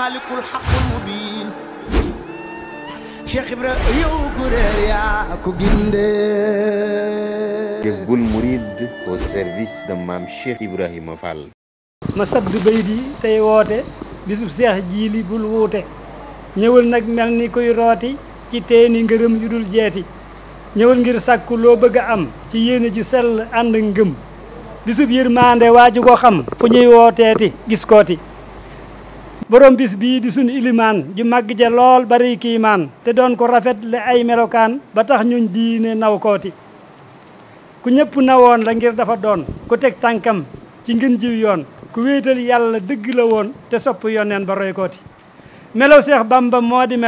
malikul haqqul ma sadd bay di tey woote bisub seex jiili bul wuute ñëwal nag mel ni kuy rooti ci teeni ngërëm yu dul jeeti ñëwal ngir sàkku loo bëgg a am ci yéene ji sell ànd ngëm bisub yërmande waaju ko xam fu ñuy wooteeti gis kooti borom bis bi di sun iliman ju mag ja lol bari kiimaan te don ko rafet le ay melokan ba tax ñun diine naw koti ku ñepp nawon la ngir dafa don ku tek tankam ci ngeen jiw yoon ku wéetal yalla deug la won te sopp yonen ba roy koti melo cheikh bamba modi di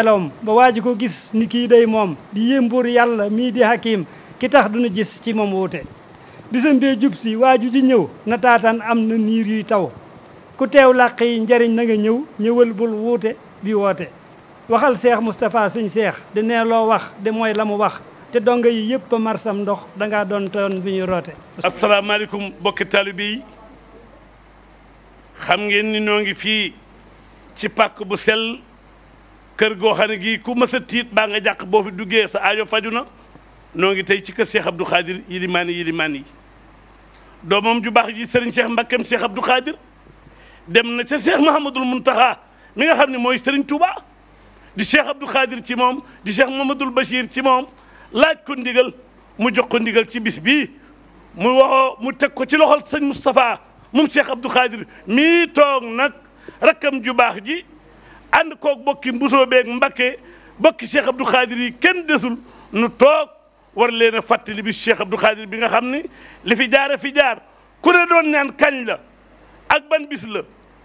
ba waji ko gis ni ki day mom di yembur yalla mi di hakim ki tax duñu gis ci mom wote bisam bee jub ci ñew na am na niir yu taw ku teew làq yi njariñ na nga ñëw ñëwal bul wuute bi woote waxal seex Moustapha suñ seex di nee wax di mooy la mu wax te donga yi yëpp a marsam ndox dangaa doon toon bi ñu roote asalaamaaleykum bokki taalibe yi xam ngeen ni noo ngi fii ci pàkk bu sel kër goo xam ne gii ku mësa a tiit baa nga jàq boo fi duggee sa aajo faju na noo ngi tey ci kër seex Abdou Khadir yilimaan yi yilimaan yi doomam ju baax ji sëriñ Cheikh Mbakkeem Cheikh Abdou Khadir dem na ci Cheikh Mouhamadul muntaha mi nga xamni moy Serigne Touba di Cheikh Abdou Khadir ci mom di Cheikh Mouhamadul bashir ci mom laaj ko ndigal mu jox ko ndigal ci bis bi mu waxo mu tek ko ci loxol serigne mustapha mum Cheikh Abdou Khadir mi tok nak rakam ju bax ji ànd ko bokki mbuso be ak Mbakke bokki Cheikh Abdou Khadir yi ken desul nu tok war leena fatali bi Cheikh Abdou Khadir bi nga xamni li fi jaar fi jaar ku ne doon ñaan kañ la. ak ban bis la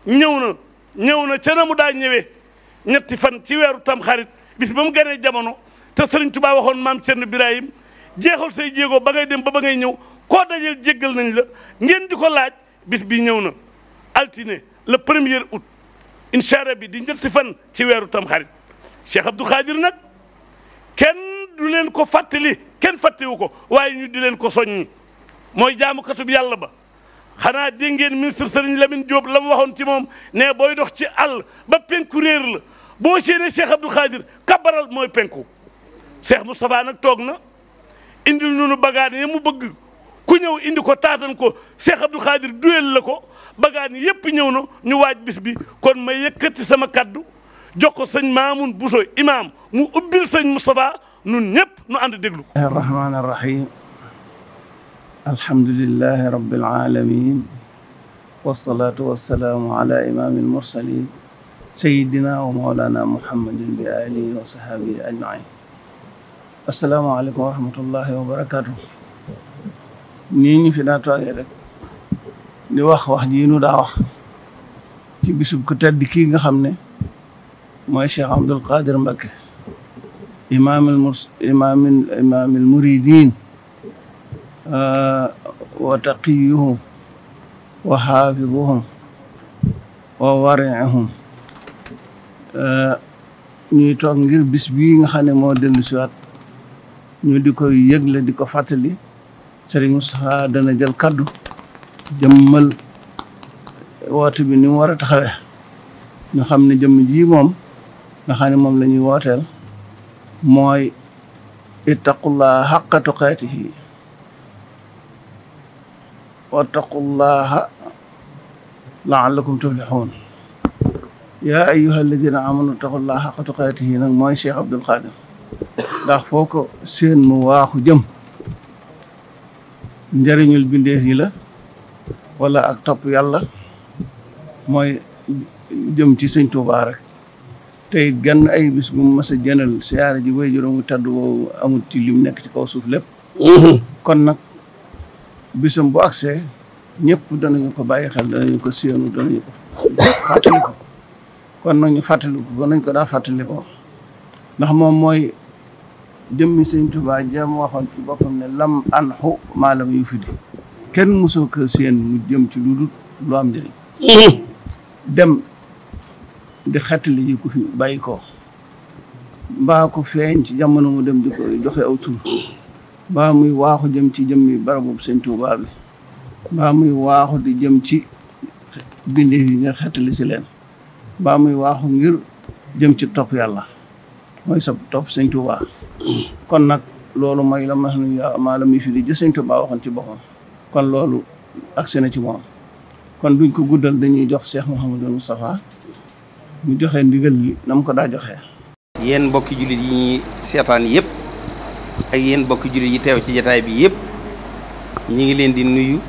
ñëw na ñëw na ca na daa ñëwee ñetti fan ci weeru tamxarit bis ba mu ganee jamono te sëriñ Tuubaa waxoon maam Cerno Birahim jeexal say jéego ba ngay dem ba ba ngay ñëw ko dajal jéggal nañ la ngeen di ko laaj bis bi ñëw na altine le premier août incha allah bi di ñetti fan ci weeru tamxarit Cheikh Abdou Khadir nag kenn du leen ko fàttali kenn fàttewu ko waaye ñu di leen ko soññi mooy jaamukatub yàlla ba xanaa dégg ngeen ministre Serigne Lamine Diop la mu waxoon ci moom ne booy dox ci àll ba penku réer la boo séenee Cheikh Abdou Khadir kabaral mooy penku Cheikh Moustapha nag toog na indi nunu nu bagaan yi mu bëgg ku ñëw indi ko taatan ko Cheikh Abdou Khadir duyel la ko bagaan yépp ñëw na ñu waaj bis bi kon ma yëkkati sama kaddu jox ko sëñ Maamun Bousso imaam mu ubbil sëñ Moustapha nun ñëpp nu ànd déglu ko. rahmaani rahim. alhamdulilahi rabbil alamin wasalaatu wasalaamu ala imaamil mursalin sayidina wa maulana muhammadin bi alihi wa sahaabihi ajmain asalaamaaleykum wa rahmatullahi wa barakaatu nii ñu fi daa toogee rek di wax wax ji nu daa wax ci bisub ku tedd kii nga xam ne mooy Cheikh Abdul Qadir Mbacké imaamil murs imaamil imaamil muridin wa taqiyuhum wa xaafiduhum wa wari'uhum ñuy toog ngir bis bi nga xam ne moo dellu siwaat ñu di koy yëgle di ko fàttali Serigne Moustapha dana jël kàddu jëmmal woote bi ni mu war a taxawee ñu xam ne jëmm ji moom nga xam ne moom lañuy ñuy wooteel mooy ittaqullaa xaqqa tuqaatihi واتقوا الله لعلكم تفلحون yaa ayyuha alladina amanu taqullaha xaqa tuqaati yi nag mooy Cheikh Abdul Qadir ndax foo ko seen mu waaxu jëm njëriñul bindeef yi la wala ak topp yàlla mooy jëm ci sëñ Tuubaa rek tey gan ay bis bu mas a jënal siyaare ji way juróomu tàddu woowu amul ci lim nekk ci kaw suuf lépp mm-hmm. kon nag bisam bu agsee ñëpp danañu ko bàyyi xel danañu ko séenu danañu ko fàttaliku kon nañu fàttaliku ko nañ ko daa fàttalikoo ndax moom mooy jëmmi sëñ Tuubaa jam waxoon ci boppam ne lam an xu maalam yu fi di kenn mosoo ko seen mu jëm ci lu dul lu am njëriñ dem di xettali ku fi bàyyi ko mbaa ko feeñ ci jamono mu dem di ko joxe aw tur mbaa muy waaxu jëm ci jëmmi barabu Sëñ Tuubaa bi mbaa muy waaxu di jëm ci bindee yi ngir xettali si leen mbaa muy waaxu ngir jëm ci topp yàlla mooy sa topp Sëñ Tuubaa kon nag loolu mooy la ma maa la muy fi di jë Sëñ Tuubaa waxoon ci boppam kon loolu agsi na ci moom kon duñ ko guddal dañuy jox seex mu Cheikh Mouhamadou Moustapha mu joxe ndigal li na mu ko daa joxee yéen mbokki jullit yi ñuy seetaan yépp ak yéen bokki jullit yi teew ci jataay bii yépp ñi ngi leen di nuyu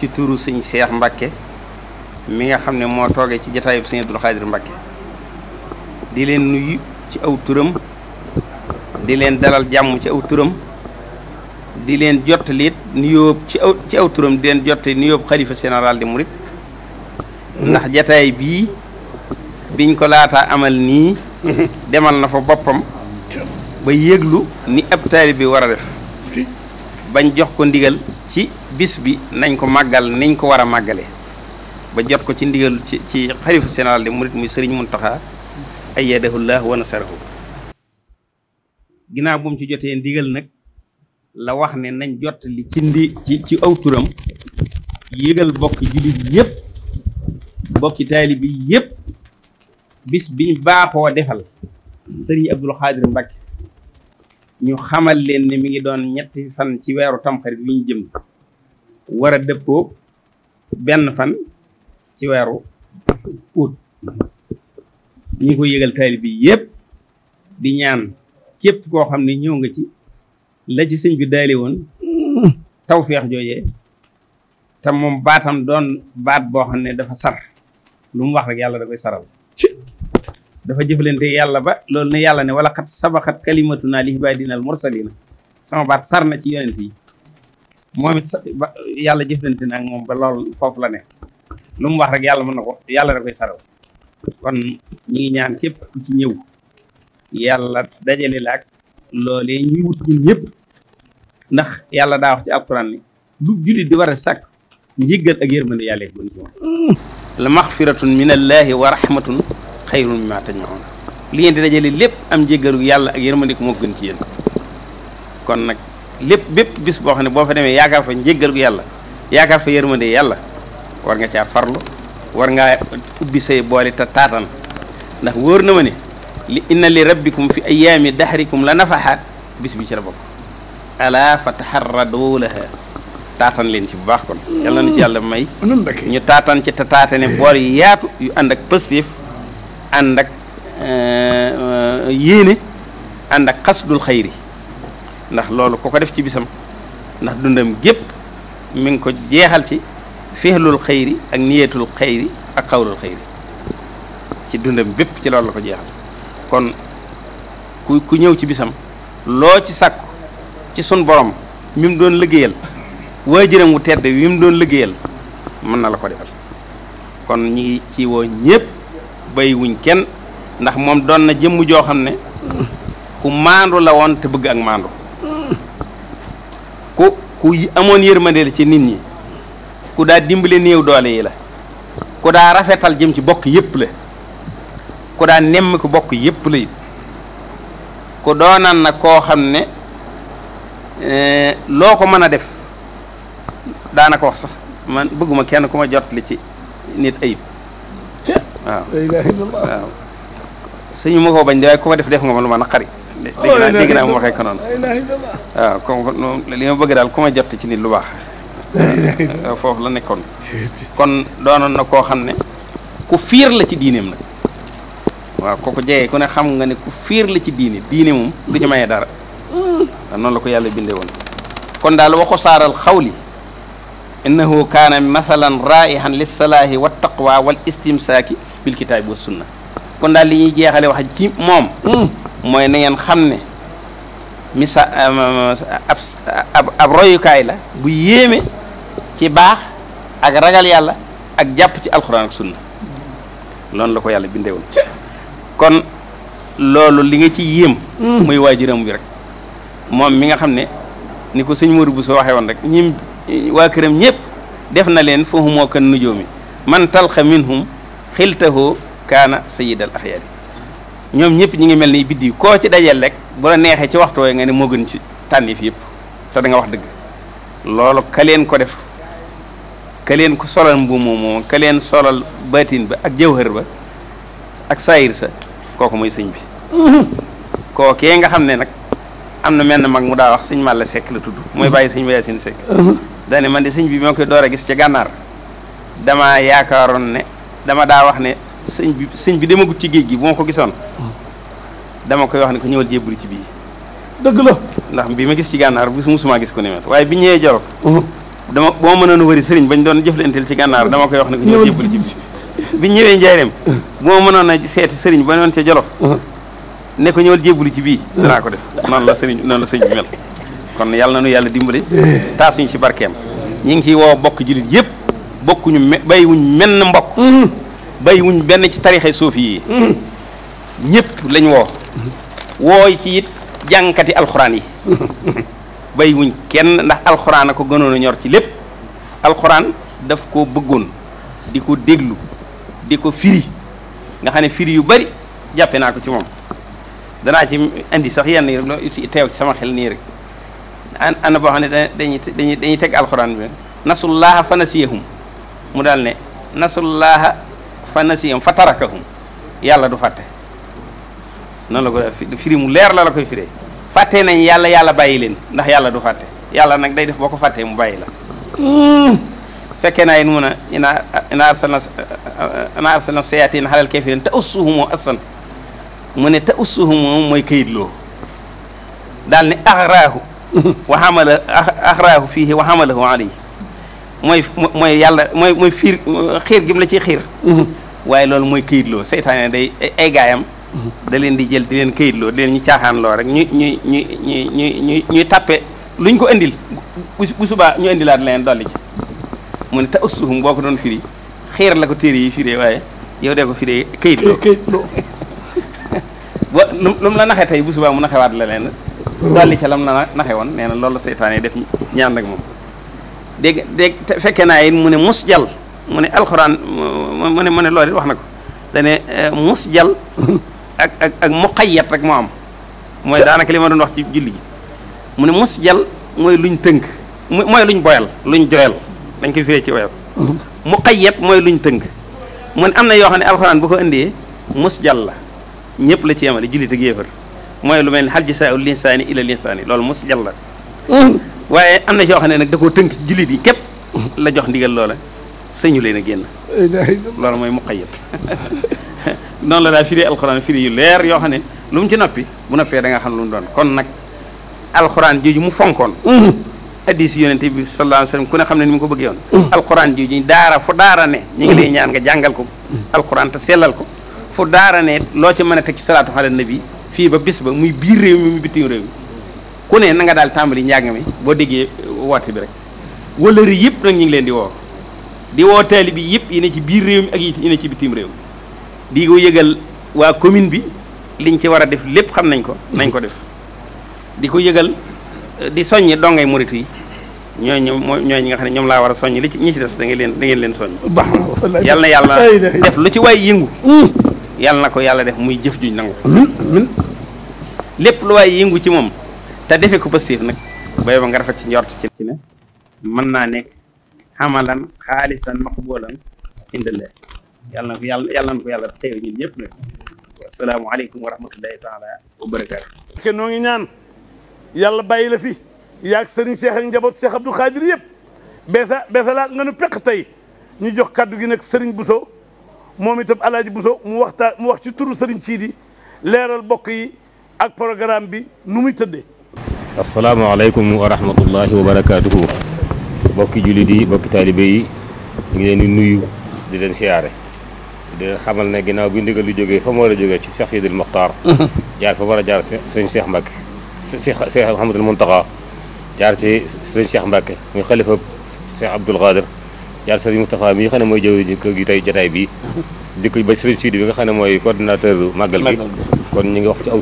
ci turu sëñ Seex Mbàkke mi nga xam ne moo toogee ci jataay bi sëñ Abdul Xaadir Mbàkke di leen nuyu ci aw turam di leen dalal jàmm ci aw turam di leen jottali nuyoo ci aw ci aw nuyoo xalifa général di murit ndax jataay bii biñ ko laataa amal nii demal na fa boppam ba yëglu ni ab taalib bi war a def bañ jox ko ndigal ci bis bi nañ ko màggal nañ ko war a màggale ba jot ko ci ndigal ci ci xalifa général de muy sëriñ mun taxa ayyadahullah wa nasarahu ginnaaw bu mu ci jotee ndigal nag la wax ne nañ jot li ci ndi ci aw turam yëgal bokki jullit yëpp bokki taalib yi yëpp bis biñ baaxoo defal sëriñ Abdul Xaadir Mbàkke ñu xamal leen ne mi ngi doon ñetti fan ci weeru tamxarit wi ñu jëm war a dëppoo benn fan ci weeru août ñi ko yëgal taalib bi yépp di ñaan képp koo xam ne ñëw nga ci la ci sëñ bi daali woon tawféex jooje te moom baatam doon baat boo xam ne dafa sar lu mu wax rek yàlla da koy saral dafa jëfëlenté yalla ba loolu ne yalla ne wala kat sabaqat kalimatuna li ibadina al mursalin sama baat sarna ci yoonent yi momit yalla jëfëlenté nak mom ba lool fofu la ne lu mu wax rek yalla mën ko yàlla da koy saraw kon ñi ngi ñaan képp ku ci ñëw yalla dajale lak loolé ñi wut ñun ñëpp ndax yalla da wax ci alquran ni du julit di war a sàkk ak yërmande yàlla ko la maghfiratun min wa rahmatun khairun mimma tajmaun li ngeen di dajale lepp am jéggalu yalla ak yërmandiku mo gën ci yeen kon nak lepp bepp bis bo xamne bo fa demé yaakaar fa njéggalu yalla yaakaar fa yermande yalla war nga ci farlu war nga ubbi say boole ta tatan ndax woor na ma li inna li rabbikum fi ayaami dahrikum la nafaha bis bi ci la ala fataharradu laha tatan len ci bu baax kon yalla na ci yalla may ñu tatan ci ta tatane bool yaatu yu ak positif ànd ak euh, yéene ànd ak xasdul xayri ndax loolu ku ko def ci bisam ndax dundam gépp mi ngi ko jeexal ci fihlul xayri ak niyetul xayri ak xawlul xayri ci dundam bépp ci loolu la ko jeexal kon ku ku ñëw ci bisam loo ci sàkku ci sun borom mi mu doon liggéeyal waajuram wu tedd wi mu doon liggéeyal mën na la ko defal kon ñi ci woo ñépp bàyyiwuñ kenn ndax moom doon na jëmm joo xam ne ku maandu la woon te bëgg ak maandu ku ku amoon yërmande la ci nit ñi ku daa dimbale néew doole yi la ku daa rafetal jëm ci bokk yépp la ku daa nemm ko bokk yépp la it ku doonaan na koo xam ne eh, loo ko mën a def daanaka wax sax man bëgguma kenn ku ma jot li ci nit ayib la ilaha illallah waaw sëñ ma koo bañ de waaye ku ko def def nga ma lu ma naqari dégg naa dégg naa mu waxee ko noonu waaw comme li ma bëgg daal ku ma jot ci nit lu baax foofu la nekkoon kon doonoon na koo xam ne ku fiir la ci diineem nag waaw kooku jegee ku ne xam nga ne ku fiir la ci diine diine moom du ci maye dara noonu la ko yàlla bindee woon kon daal waxu saaral xawli innahu kaana mathalan raihan lissalaahi wa taqwa wal istimsaaki bil kitab wa sunna kon dal li ñuy jeexale wax ci mom hmm. moy na ngeen xam misa ab ab ab royukaay la bu yéeme ci baax ak ragal yalla ak japp ci alxuraan ak sunna non la ko yàlla bindewoon kon lolu li nga ci yem muy hmm. wajiram bi rek mom mi nga xam ne ni ko sëñ Mourou Bousso waxee woon rek ñim wa kërëm ñëpp def na len fahum mo kan nujoomi man talxa minhum kana sayyid al akhyar ñom ñëpp ñi ngi melni biddi ko ci dajel rek bu la nexé ci waxto nga ne mo gën ci tanif fi ta da nga wax deug lolu kaleen ko def kaleen ko solal mo mo kaleen solal batin ba ak jawhër ba ak sayir sa koku moy señ bi ke nga xam nak amna am mag mu da wax señ màlla sek la tuddu moy baye señ bayaa seen sekk man di señ bi mo koy door gis ci ganar dama yaakaaroon ne dama daa wax ne sëñ bi sëñ bi demagut ci géej gi bu ma ko gisoon dama koy wax ne ko ñëwal jébbalu ci bii dëgg la ndax bi ma gis ci gànnaar bis musuma gis ko ni waaye bi ñëwee Jolof uh-huh. dama boo mënoon a wëri sëriñ bañ doon jëflanteel ci gànnaar dama koy wax ne ko ñëwal jébbalu ci bii bi ñëwee Njaareem boo mënoon a seeti sëriñ ba noon ca Jolof uh-huh. ne ko ñëwal jébbalu ci bii uh-huh. naa ko def noonu la sëriñ noonu la sëñ bi mel kon yàlla na nu yàlla dimbali eh. taasuñ ci barkeem ñi ngi ciy woo bokk jullit yëpp bokkuñu me bàyyiwuñ menn mbokk mm-hmm. bàyyiwuñ benn ci tarixe suufi yi mm-hmm. ñëpp lañ woo mm-hmm. wooy ci it jànkati alxuraan yi bàyyiwuñ kenn ndax alxuraan a ko gënoon a ñor ci lépp alxuraan daf ko bëggoon di ko déglu di ko firi nga xam ne firi yu bari jàppe naa ko ci moom danaa ci indi sax yenn yi rek teew ci sama xel nii rek an ana boo xam ne dañuy dañuy dañuy teg alxuraan bi nasullaha fa nasiyahum mu daal ne nasullaaha fa nasiyam fa tarakahum yàlla du fàtte noonu la firi mu leer la la koy firee fàtte nañ yàlla yàlla bàyyi leen ndax yàlla du fàtte yàlla nag day def boo ko fàttee mu bàyyi la fekkee naa yit mun a ina ina arsalna ina arsalna sayatin xalal kafirin te ussuhumoo assan mu ne te ussuhumoo mooy kayitloo daal ne axraahu wa xamala fii fiihi wa xamalahu alayhi mooy mooy yàlla mooy mooy fiir xiir gi mu la ci xiir mm-hmm. waaye loolu mooy këyitloo seytaane day ay gaayam mm-hmm. da leen di jël di leen këyitloo di leen ñu caaxaan loo rek ñu ñu ñu ñu ñu ñu ñuy tappe luñ ko indil bu subaa ñu indilaat leen dolli ci mu ne te ussuhum boo ko doon firi xiir la ko téere yi firee waaye yow dee ko firee këyitloo këyitloo ba lu mu la naxee tey bu subaa mu naxewaat la leen mm-hmm. dolli ca lam la naxe woon nee na loolu seytaane def ñaan nag moom dégg dégg fekkee naa yéen mu ne mus jal mu ne alxuraan mu ne mu ne loolu wax na ko dane eh, mus jal ak ak ak muqayyat rek moo am mooy daanaka li ma doon wax ci julli gi mu ne mus jal mooy luñ tënk mooy luñ boyal luñ joyal dañ koy firee ci woyal muqayyat mooy luñ tënk mu ne am na yoo xam ne alxuraan bu ko indee mus jal la ñëpp la ci yemale jullit ak yéefar mooy lu mel ni hal jasaa'ul insaani illa l insaani loolu mus jal la hmm. waaye am na yoo xam ne nag da koo tënk jullit yi képp la jox ndigal loola sëñu leen a génn loolu mooy muqayyad noon la daa firi alxuraan firi yu leer yoo xam ne lu mu ci noppi bu noppee danga nga xam lu mu doon kon nag alxuraan jooju mu fonkoon mm-hmm. hadiis yonent bi sallallahu alayhi ku ne xam ne ni mu ko bëggee woon mm-hmm. alxuraan jooju daara fu daara ne ñu ngi lay mm-hmm. ñaan nga jàngal ko alxuraan te sellal ko fu daara ne loo ci mën a teg ci salaatu ala nabi fii ba bis ba muy biir réew mi muy ku ne na nga daal tàmbali njàng mi boo déggee woote bi rek wëllëri yëpp nag ñu ngi leen di woo di woo taalibe bi yëpp yi ne ci biir réew mi ak yi ne ci bitim réew mi di ko yëgal waa commune bi liñ ci war a def lépp xam nañ ko nañ ko def di ko yëgal di soññi dongay murit yi ñooñu mooy ñooñu nga xam ne ñoom laa war a soññ li ci ñi ci des da ngeen leen da ngeen leen soññ. baax na yàlla na def lu ci waay yëngu. Hmm. yàlla na ko yàlla def muy jëf juñ nangu. lépp lu yëngu ci moom. te defe ko pasir nag bay ba nga rafet ci njort ci ne mën naa nekk xamalan xaalisan maqbulan indallah yàlla na ko yàlla yàlla na ko yàlla teew ñun ñëpp nag wasalaamu aleykum wa rahmatullahi taala wa barakatu ke noo ngi ñaan yàlla bàyyi la fi yaag sëriñ cheikh ak njaboot cheikh abdou xaadir yëpp beesa beesalaat nga nu peq tey ñu jox kaddu gi nag sëriñ buso moom itam alaaji buso mu waxtaa mu wax ci turu sëriñ ciidi leeral bokk yi ak programme bi nu muy asalaamaaleykum wa rahmatullahi wa barakaatuhu bokki jullit yi bokki taalibe yi ngi leen nuyu di leen siyaare di xamal ne ginnaaw bi ndigal lu jógee fa mu war a jógee ci Cheikh Sidil Mokhtar jaar fa war a jaar sëñ Cheikh Mbacke Cheikh Mouhamadul Mountakha jaar ci sëñ Cheikh Mbacke muy xalifa Cheikh Abdoul Khadir jaar sëriñ Moustapha mii xam ne mooy jëw kër gi tey jotaay bii dikk ba sëriñ Sidi bi nga xam ne mooy coordonnateur màggal kon ñu ngi wax ci aw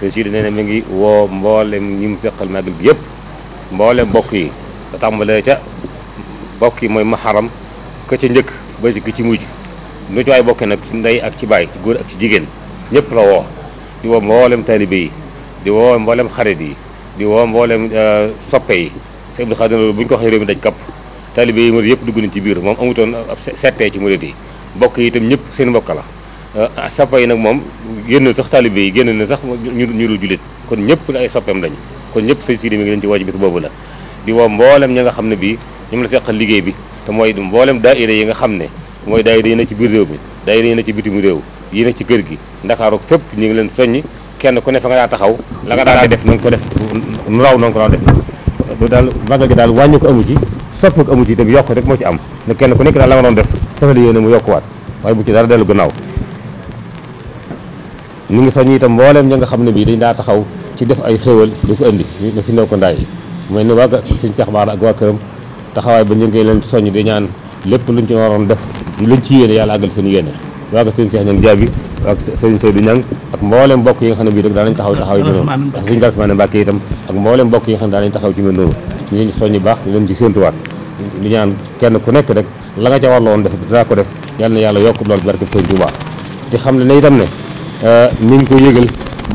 Seydi nee na mi ngi woo mboolem ñi mu feqal màggal gi yëpp mboolem mbokk yi ba tàmbalee ca mbokk yi mooy maxaram ka ca njëkk ba ci ci mujj lu ci waay bokkee nag ci ndey ak ci baay góor ak ci jigéen ñëpp la woo di woo mboolem taalibe yi di woo mboolem xarit yi di woo mboolem euh, soppe yi Sëñ Abdou Khadre loolu bu ñu ko waxee réew mi daj kapp taalibe yi murid yëpp dugg nañ ci biir moom amutoon ab settee ci murid yi mbokk yi itam ñëpp seen mbokk la Euh, sappa yi nag moom génn sax taalibe yi génn na sax ñu ñu dul jullit kon ñëpp ay soppeem lañ kon ñëpp sëñ Sidi mi ngi leen ci woo ci bis boobu la di woo mboolem ñi nga xam ne bii ñoom la seqal liggéey bi te mooy mboolem daayira yi nga xam ne mooy daayira yi na ci biir réew mi daayira yi na ci bitimu réew yi na ci kër gi ndakaaru fépp ñu ngi leen soññ kenn ku ne fa nga taxaw la nga daa def na ko def nu raw na nga daal màggal gi ko amu ci sopp ko amu ci itam yokk rek moo ci kenn ku nekk daal la nga doon def safali yéene mu yokkuwaat waaye bu ci dara dellu gannaaw ñu ngi soññ itam mbooleem ña nga xam ne bii dañ daa taxaw ci def ay xéewal di ko indi ñu si ndaw ko ndaay yi mel ni waa sëñ Cheikh Bara ak waa këram taxawaay ba ñu ngi leen soññ di ñaan lépp luñ ci waroon def luñ ci yéene yàlla àggal seen yéene waa sëñ Cheikh Niang Diaby ak sëñ Seydou Niang ak mbooleem mbokk yi nga xam ne bii rek daanañ taxaw taxaw yi noonu ak sëñ Galasmaane Mbàkke itam ak mbooleem mbokk yi nga xam ne daanañ taxaw ci mel noonu ñu ñaan kenn ku nekk rek la nga ca warloon def dinaa ko def yàlla yàlla yokk loolu barke sëñ Tuubaa di xam ne itam ne ñu euh, ngi ko yëgal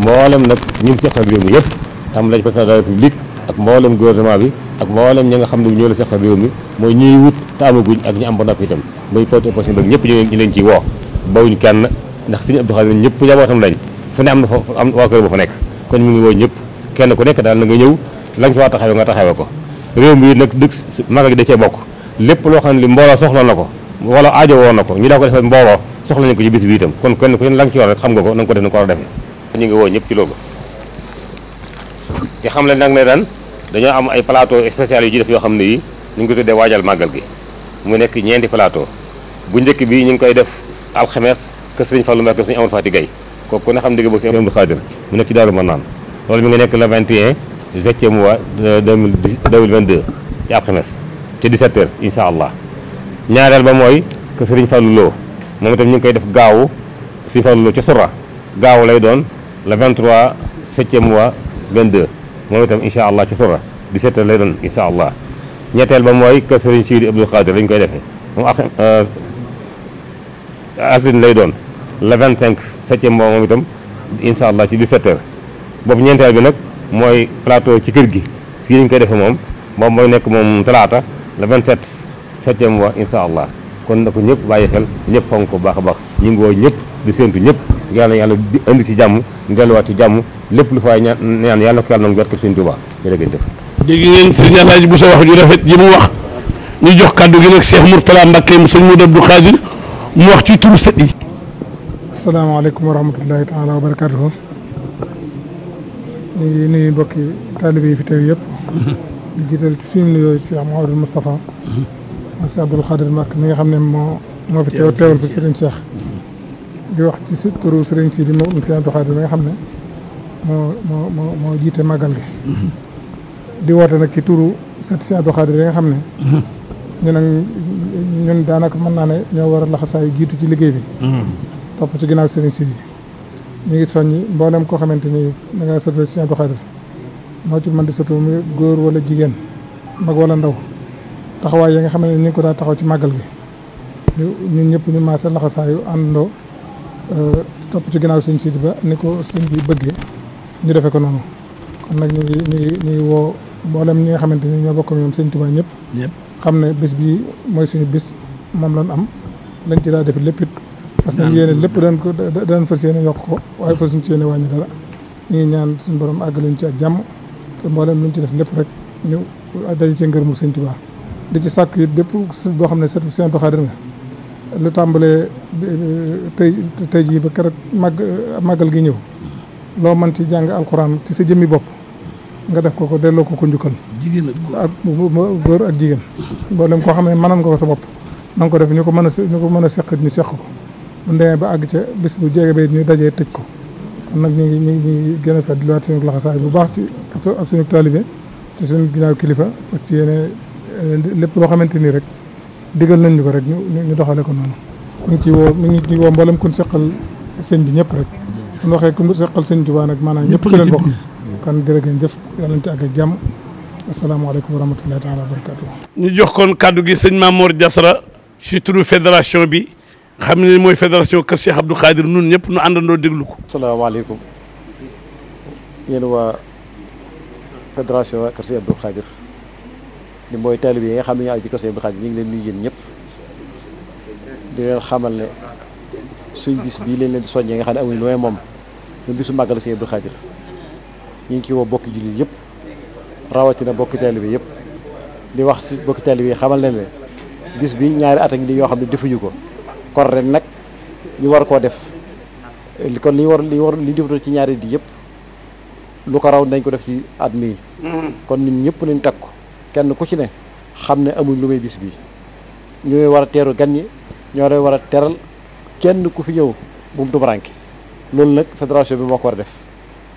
mboolem nag ñu ngi seq réew mi yëpp tam lañ président de la ak mboolem gouvernement bi ak mboolem ñi nga xam ne ñoo la seq ak réew mi mooy ñuy wut te ak ñu am ba noppi itam muy porte opposition bi ñëpp ñu leen ci woo bawuñ kenn ndax suñu Abdou Khadre ñëpp njabootam lañ fu ne am na fa am waa kër bu fa nekk kon mu ngi woo ñëpp kenn ku nekk daal na nga ñëw la nga ci war a taxawee nga taxawee ko réew mi nag dëkk magal gi da bokk lépp loo xam ne li mbooloo soxla na ko wala aajo woo na ko ñu daa ko defee mbooloo soxla nañ ko ci bis bi itam kon kenn ku ne la nga ci war rek xam nga ko na ko def na ko war a defee ñu ngi woo ñëpp ci loolu te xam le nag ne daan dañoo am ay plateau spécial yu ci def yoo xam ne yi ñu ngi ko tuddee waajal màggal gi mu nekk ñeenti plateau bu njëkk bi ñu ngi koy def alxames kër sëriñ Fallou Mbacke suñu amul Fati Gaye kooku ku ne xam digg boog sëriñ Abdou Khadir mu nekk ci Daaru Manaan loolu mi nga nekk le 21 septième mois 2022 ci alxames ci 17 heures incha allah ñaareel ba mooy kër sëriñ Fallou Lo moom itam ñu ngi koy def gaawu si farlu ca sura gaaw lay doon le 23 waa mois 22 euh, moom itam incha allah ci sura 17 lay doon incha allah ñetteel mooy kër Serigne Sidi Abdou koy defee moom ak akrin lay doon le 25 septième moom itam incha allah ci 17 heures boobu ñeenteel bi nag mooy plateau ci kër gi fii lañ koy defee moom moom mooy nekk moom talaata le 27 septième mois incha allah. kon na ko ñëpp bàyyi xel ñëpp fonk ko baax a baax ñu ngi woo ñëpp di séentu ñëpp yàlla yàlla di indi ci jàmm delluwaat ci jàmm lépp lu fay ñaan yàlla ko yàlla nangu barke Sëriñ Tuubaa jërëjëf dégg ngeen Sëriñ Alaaji bu sa wax ju rafet ji mu wax ñu jox kàddu gi nag Cheikh Mourtala Mbacké mu sëñ Modou Abdou Khadir mu wax ci turu sët yi asalaamaaleykum wa rahmatullahi taala wa barakatuhu ñu ngi nuyu mbokki taalibe yi fi teew yëpp di jiital ci suñu nuyoo Cheikh Mouhamadou Moustapha Sëñ Abdul Xaadir Mbakke mi nga xam ne moo moo fi teew teewal fi Serigne Cheikh di wax ci sa turu Serigne Sidi moom Sëñ Abdul Xaadir mi nga xam ne moo moo moo jiite màggal woote nag ci turu sët Sëñ Abdul Xaadir yi nga xam ne ñu nag ñun daanaka mën naa ne ñoo war a laxasaayu jiitu ci liggéey bi topp ci ginnaaw Serigne Sidi ñu ngi soññi mboolem koo xamante ni da ngaa sëtoo ci moo ci man di sëtoo góor walla jigéen mag wala ndaw taxaway yi ya nga xam ni ko da taxaw ci magal gi ñu ñun ñëpp ñu ma sa la maase ando euh top ci gënaaw sëñ Sidi ba ni ko sëñ bi bëgge ñu defee ko nonu kon nak ñu ngi ñu ngi ñu ngi woo ñi nga xamante ni ñoo bokk ñoom sëñ tuba ñëpp ñëpp ne bis bi moy suñu bis mom lañ am lañ ci da def lepp parce que yene lepp dañ ko dañ fas yéene yokk ko way fasuñ ci yéene wàññi dara ñi ñaan suñu borom àggaluñ ci ak jamm te mbolam luñ ci def lepp rek ñu daje ci ngeer mu sëñ tuba di ci sàkk it bépp boo xam ne sëtu Sëñ Abdou Khadre nga lu tàmbalee eh, tey tey jii ba keroog màgg màggal gi ñëw loo mën ci jàng alxuraan ci sa jëmmi bopp nga def ko ko delloo ko ko njukkal. jigéen ak góor ak jigéen. mboolem koo xam ne mënoon nga ko sa bopp na nga ko def ñu ko mën a ñu ko mën a seq ñu seq ko bu demee ba àgg ca bis bu jege ba ñu dajee tëj ko nag ñu ngi ñu ngi gën a fàttaliwaat suñu laxasaay bu baax ci ak suñu taalibe ci suñu ginnaaw kilifa fas yéene. Euh, lépp loo xamante ni rek digal nañ ñu ko rek ñu ñu doxale ko noonu mi ngi ci woo mi ngi ci woo mboolem kun seqal sëñ bi ñëpp rek mun mm-hmm. waxee kun seqal sëñ Tuubaa nag maanaam ñëpp ci leen bokk kon jërëgeen jëf yàlla nañ ci àgg ak jàmm asalaamaaleykum wa rahmatullahi taala wa ñu jox kon kàddu gi sëñ Mamour Diasara si turu fédération bi xam ne mooy fédération Kër Cheikh Abdou Khadir nun ñëpp nu àndandoo déglu ko asalaamaaleykum yéen waa fédération Kër di mooy taalibe yi nga xam ne ñu aju ci kër Sëriñ Abdou Khadre ñu ngi leen nuyu yéen ñëpp di leen xamal ne suñ bis bii leen leen di soññee nga xam ne amuñu lu may moom ñu bisu màggal Sëriñ Abdou ñu ngi ci woo bokki jullit yëpp rawatina bokki taalibe yëpp di wax ci bokki xamal leen ne bis bi ñaari at li yoo xam ne defuñu ko nag ñu war koo def kon li war li war li defutoon ci ñaari di yëpp lu ko raw nañ ko def ci at mii mm-hmm. kon ñëpp nañ takku kenn ku ci ne xam ne amuñ lu may bis bi ñooy war a teeru gan ñi ñoo doon war a teral kenn ku fi ñëw bu mu tubaranke loolu nag fédération bi moo ko war a def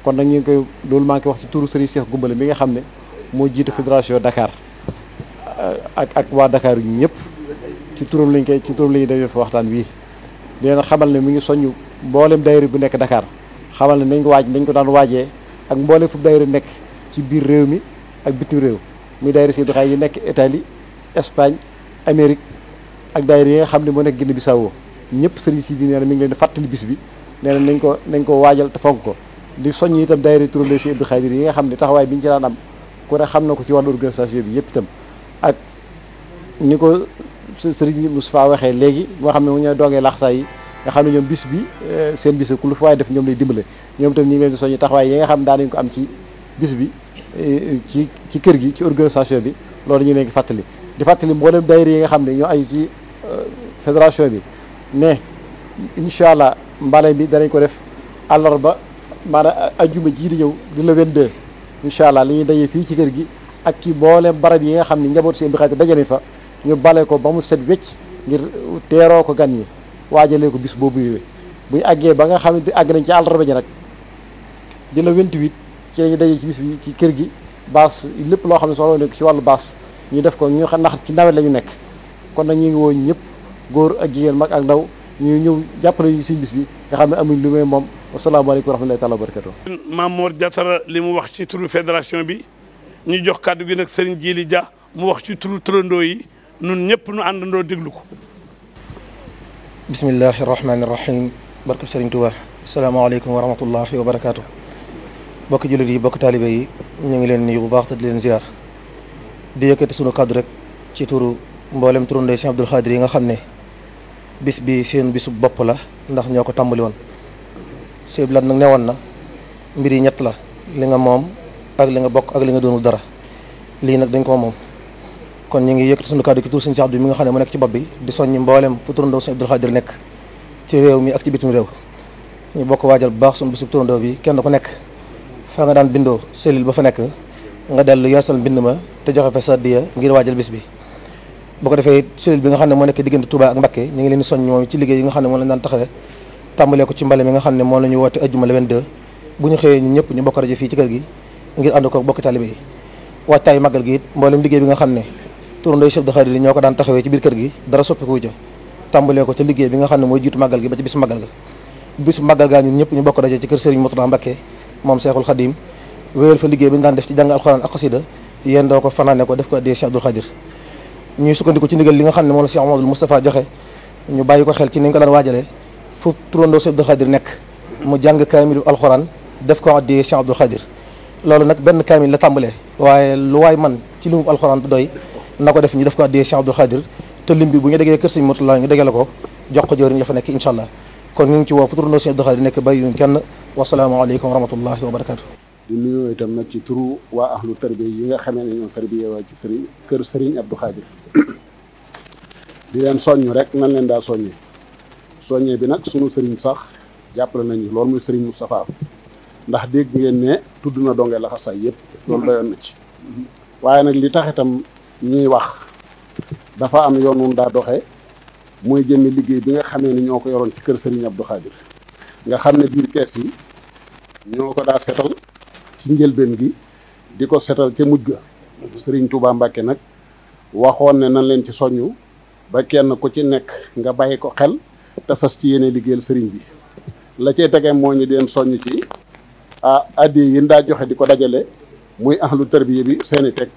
kon nag ñu ngi koy loolu maa ngi koy wax ci turu Serigne Cheikh Goumbale mi nga xam ne moo jiite fédération dakaar euh, ak ak waa Dakar yu ñëpp ci turam lañ koy ci turam lañuy defee fa waxtaan bii leen xamal ne mi ngi soññu mboolem daayira bu nekk Dakar xamal ne nañ ko waaj nañ ko daan waajee ak mboolem fu nekk ci biir réew mi ak bitim réew muy daayira seydou xay yi nekk Italie Espagne Amérique ak daayira yi nga xam ne moo nekk Guinée Bissau ñëpp sëriñ si di nee na mi ngi leen di fàttali bis bi nee na nañ ko nañ ko waajal te fonk ko di soññ itam daayira turandoo si Abdou Khadir yi nga xam ne taxawaay bi ci daan am ku ne xam na ko ci wàllu organisation bi yëpp itam ak ni ko sëriñ Moustapha waxee léegi nga xam ne mu ñooy doongee laxsaa yi nga xam ne ñoom bis bi eh, seen bis ku lu fa def ñoom lay dimbale ñoom itam ñi ngi leen di soññ taxawaay yi nga xam ne daan nañ ko am ci bis bi Eh, ci ci kër gi ci organisation bi loolu ñu nekk fàttali di fàttali mboolem daayira yi nga xam ne ñoo ay ci eh, fédération bi ne incha allah mbalay bi danañ ko def àllarba maanaam ajjuma ji di ñëw di la 22 incha allah li ñuy dajee fii ci kër gi ak ci mboolem barab yi nga xam ne njaboot si mbixaati dajale fa ñu bale ko ba mu set wecc ngir teeroo ko gan yi waajalee ko bis boobu yowee bu ñu àggee ba nga xam ne àgg nañ ci àllarba ji nag di la ci lañu dajee ci bis bi ci kër gi baas lépp loo xam ne soxla nekk ci wàllu baas ñu def ko ñu xam ndax ci nawet lañu nekk kon nag ñu ngi woo ñëpp góor ak jigéen mag ak ndaw ñu ñëw jàppale ñu suñu bis bi nga xam ne amuñ lu may moom wasalaamaaleykum wa rahmatullahi taala wa barakatu Mamour Diatara li mu wax ci turu fédération bi ñu jox kàddu gi nag Serigne Djili Dia mu wax ci turu turandoo yi nun ñëpp nu àndandoo déglu ko bismillahi rahmaani rahim barkab Serigne Touba asalaamaaleykum wa rahmatullahi wa barakatu bokk julit yi bokk talibé yi ñu ngi leen nuyu bu baax te di leen ziar di yëkkati suñu kàddu rek ci turu mboolem turu ndey Serigne Abdou yi nga xam ne bis bi seen bisu bopp la ndax ñoo ko tàmbali woon sëñ bi nag ne na mbir yi ñett la li nga moom ak li nga bokk ak li nga doonul dara lii nag dañ ko moom kon ñu ngi yëkkati suñu kàddu ci turu Serigne Cheikh Abdou mi nga xam ne mu nekk ci bop bi di soññi mboolem fu turandoo Serigne Abdou khadir nekk ci réew mi ak ci bitum réew ñu bokk waajal baax suñu bisu turandoo bi kenn ku nekk fa nga daan bindo selil ba fa nek nga dal yeesal mbind te joxe fa sàddiya ngir waajal bis bi bu ko defé selil bi nga xamne mo nek digënd Touba ak Mbacké ñi ngi leen soñ soññ ci liggéey yi nga xamne mo moom lañ taxawé tambalé ko ci mbalé mi nga xamne mo moom la ñu woote ajjuma le 22 bu ñu xëyee ñu ñëpp ñu bokk rajo fi ci kër gi ngir ànd ko bokk talibé yi waajtaayu gi it liggéey bi nga xamne tour turandoo chef de xarit daan ci biir kër gi dara tambalé ko ci liggéey bi nga xamne jitu magal gi ba ci bis magal ga bis magal ga ñun ñëpp ñu bokk ci kër Serigne Mbacké mom cheikhul khadim weyel fa liggey bi dan def ci jàng alxuraan ak xasida yéen doo ko fanane ko def ko de Cheikh Abdoul Khadir ñu sukkandiko ci ndigal li nga xamne ne la Cheikh mohammed Moustapha joxe ñu bayiko xel ci ni nga dan wajale fu turondo Cheikh Abdoul Khadir nek mu jàng kaamilu alxuraan def ko de Cheikh Abdoul Khadir lolu nak ben kamil la tambale waye lu way man ci limu alxuraan du doy nako def ñu def ko de Cheikh Abdoul Khadir te limbi bu ñu degee kër Sëñ Murtala ñu degel ko jox ko jor ñu fa nek inshallah allah kon ñu ci wo fu turondo Cheikh Abdoul Khadir nek bayu yuñ kenn Wassalamu'alaikum warahmatullahi wabarakatuh. wa di nuyu itam nak ci turu wa ahlu tarbiya yi ya nga xamé ne ñoo tarbiya wa ci sëriñ kër serigne Abdou Khadir di len soñu rek nan len da soññee soñé bi nak sunu serigne sax jàppale nañu lool muy serigne Moustapha ndax dégg ngeen ne tuduna dongé la laxasaay yépp lool doyon na ci nak li tax itam ñi wax dafa am yoonu da doxé moy muy liggéey bi nga xamé ni ci kër serigne Abdou Khadir nga xamne bir caisse yi ñoko da setal ci ben gi di ko setal ca mujj ga Touba Mbacke nak waxone ne nan leen ci soñu ba kenn ku ci nek nga bàyyi ko xel ta fas ci yene liggéeyal serigne bi la ci tege moo ñu deen ci a addi yi nda joxe diko dajale muy ahlu tarbiya bi seeni tek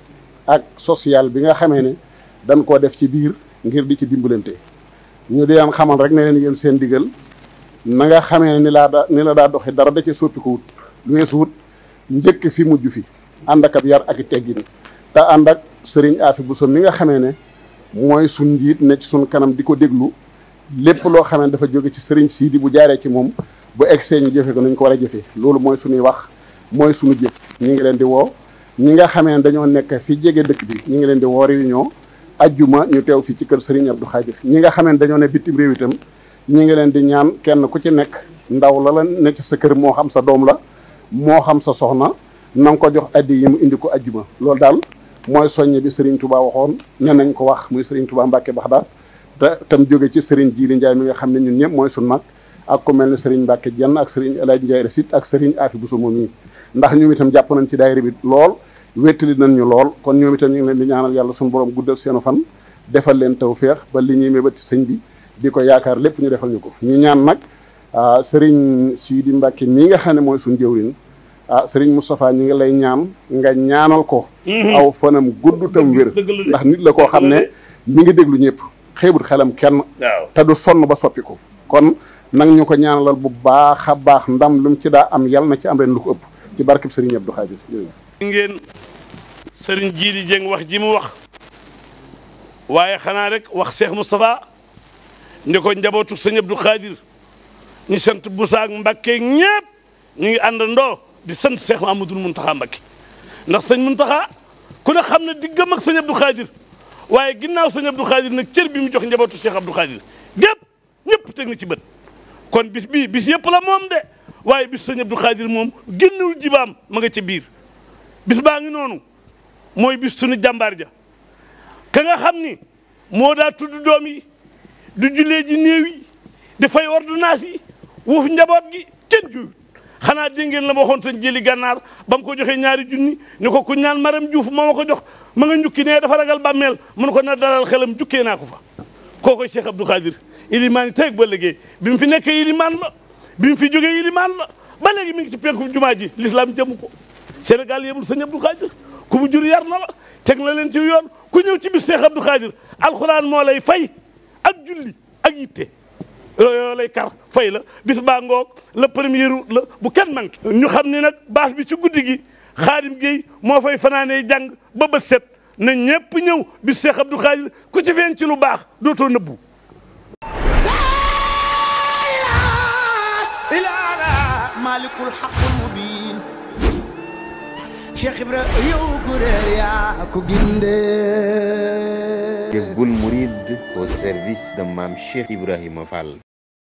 ak social bi nga ne dañ def ci bir ngir di ci dimbalante ñu di am xamal rek ne len yeen seen na nga xamee ni laa daa ni la daa doxee dara da cee soppiku wut lu weesu wut njëkk fi mujj fi ànd ak yar ak i teggin te ànd ak sëriñ Afi so mi nga xamee ne mooy suñ njiit ne ci kanam di ko déglu lépp loo xamee dafa jóge ci sëriñ Sidi bu jaaree ci moom bu egsee ñu jëfe ko nañ ko war a jëfee loolu mooy suñuy wax mooy suñu jëf ñu ngi leen di woo ñi nga xamee dañoo nekk fi jege dëkk bi ñu ngi leen di woo réunion ajjuma ñu teew fii ci kër sëriñ Abdou Khadir ñi nga xamee dañoo ne bitim réew itam ñi ngi leen di ñaan kenn ku ci nekk ndaw la la ne ci sa kër moo xam sa doom la moo xam sa soxna na nga ko jox addi yi mu indi ko ajjuma loolu daal mooy soññe bi Serigne Touba waxoon ne nañ ko wax muy Serigne Touba Mbacke Baxdaad te tam jóge ci Serigne Jili Ndiaye mi nga xam ne ñun ñëpp mooy suñ mag ak ku mel ne Serigne Mbacke Jenn ak Serigne El Hadj Ndiaye Resit ak Serigne Afi bu moom yi ndax ñoom itam jàpp nañ ci daayira bi lool wéttali nañ ñu lool kon ñoom itam ñu ngi leen di ñaanal yàlla suñu borom guddal seenu fan defal leen tawféex ba li ñuy mébati sëñ bi di yaakar lepp ñu defal ñuko ñu ñaan ah serigne Sidi Mbacke mi nga xam moy mooy suñu jëwrin ah serigne mustapha ñi nga lay ñaan nga ñaanal ko mhm. aw fanam guddu tam ndax nit la ko xamne mi ngi deglu ñepp xeebut xalam kenn ta du sonn ba soppi ko kon nang ñu ko ñaanalal bu baaxa baax ndam lu ci da am yal na ci am ren lu ko upp ci barke serigne Abdou Khadir ngeen serigne Jili Jeng wax ji mu wax waye xana rek wax Cheikh mustapha ni ko njabootu sëñ Abdou Khadir ñu sant Busaak Mbakke ñëpp ñu ngi ndoo di sant Cheikh Mamadou Mountakha Mbakke ndax sëñ Mountakha ku ne xam ne diggam ak sëñ Abdou Khadir waaye ginnaaw sëñ Abdou Khadir nag cër bi mu jox njabootu Cheikh Abdou Khadir gépp ñëpp teg na ci bët kon bis bi bis yëpp la moom de waaye bis sëñ Abdou Khadir moom génnul jibaam ma nga ca biir bis baa ngi noonu mooy bis suñu jàmbaar ja ka nga xam ni moo daa tudd doom yi du jullee ji néew yi dafay ordonnance yi wuuf njaboot gi kenn juyut xanaa dégg ngeen la ma waxoon sëñ jëli gànnaar ba mu ko joxee ñaari junni ni ko ku ñaan maram juuf moo ma ko jox ma nga njukki ne dafa ragal bàmmeel mu ne ko na dalal xelam jukkee naa ko fa kookoy Cheikh Abdou Khadir ilimaan yi teeg ba liggéey bi mu fi nekkee ilimaan la bi mu fi jógee ilimaan la ba léegi mi ngi ci penku jumaa ji l'islam jëmu ko Sénégal yebul sëñ Abdou Khadir ku mu jur yar na la teg na leen ci yoon ku ñëw ci bis Cheikh Abdou Khadir alxuraan moo lay fay ak julli ak yitte yooyu lay kar fay la bis baa ngoog la premier la bu kenn manqué ñu xam ni nag bâche bi ci guddi gi xaadim géey moo fay fanaanee jàng ba bët set na ñépp ñëw bis Cheikh Abdou Khadir ku ci feeñ ci lu baax dootoo nëbbu malikul haq Cheikh Ibra yow ku réer yaa ko gindee Jazboul Mouride au service de Mame Cheikh Ibrahima Fall